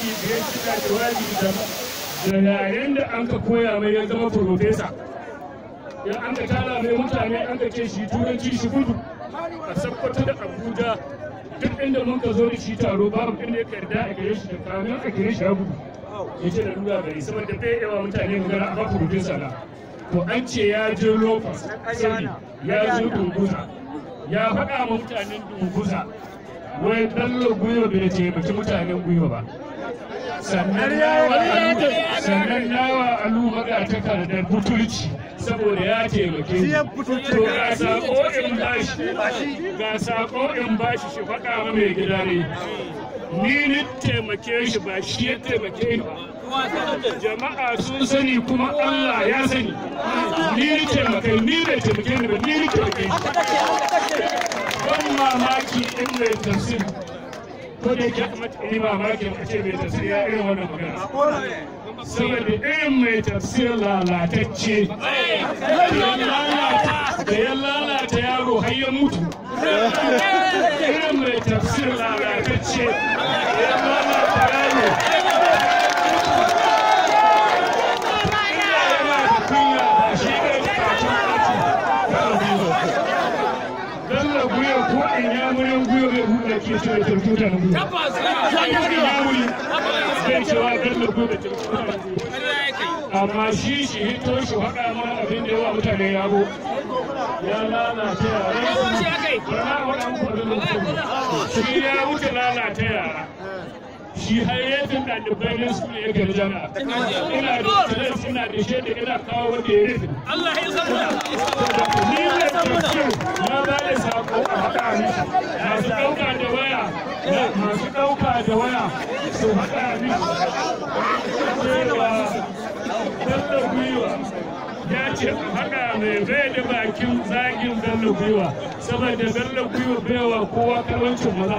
aiki da ya shiga jawabi da yaren da an ka koya mai ya zama profesa ya an ka tara mai mutane an ka ce shi turanci shi gudu a sakkwato da abuja duk inda mun ka zo da shi taro babu inda ya karda a gare shi da kamin a gare shi ya gudu ya ce da lura gari saboda bai yawa mutane gara a ba profesa na to an ce ya je locus sani ya zo dunguza ya faɗa ma mutanen dunguza wai ɗan gwiwa bai taimaki mutanen gwiwa ba sannan yawa alubaka takardar butulci saboda ya taimake mu to ga sako in bashi ga sako in bashi shi faɗa ma mai gida ne ni ni taimake shi ba shi ya taimake ni ba jama'a sun sani kuma Allah ya sani ni ni taimake ni ne taimake ni ba ni ni taimake ban mamaki in mai tafsir ko da yake kamata in yi mamaki a ce mai tafsir ya irin wannan magana saboda irin mai tafsir lalatacce da ya lalata yaro har ya mutu irin mai tafsir lalatacce yamurin guyo amma shi shi hito shi haɗa ma abin da yawa mutane yabo ya lalata yare su ya wuce lalata shi har rafin da na su ne yake jami'a ina da tsaye suna da shi da ina kawo wanda ya rafin Allah ya san ni ne tafsir na ba da sako a haka mishi masu ɗauka da waya masu ɗauka da waya su haɗa mishi cewa dalla gwiwa ya ce haka mai bai da bakin zagin dalla gwiwa saboda dalla gwiwa baiwa kowa karwancin maza.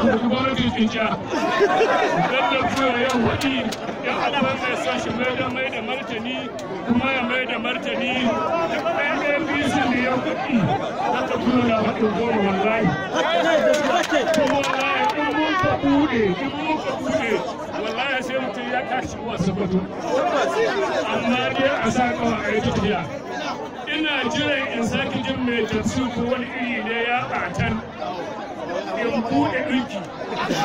ku gwamnatin tsinja waɗi ya Allah mai son mai da mai da martani kuma ya mai da martani duk ɗaya waɗi na buɗe in buɗe sai mutum ya tashi wa sabato amma dai a sa kawai ina jiran in sake jin mai tafsir ko wani iri ne ya ɓatan in buɗe ɗinki ta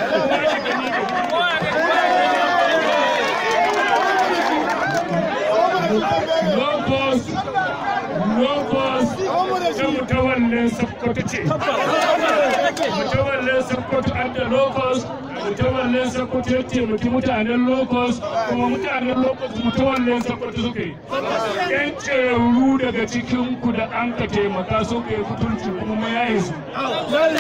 ce. ce mutanen locus kuma mutanen locus mutawallin sakkwato suka yi. Yan daga cikinku da an ka taimaka suka yi kutunci kuma yayi su.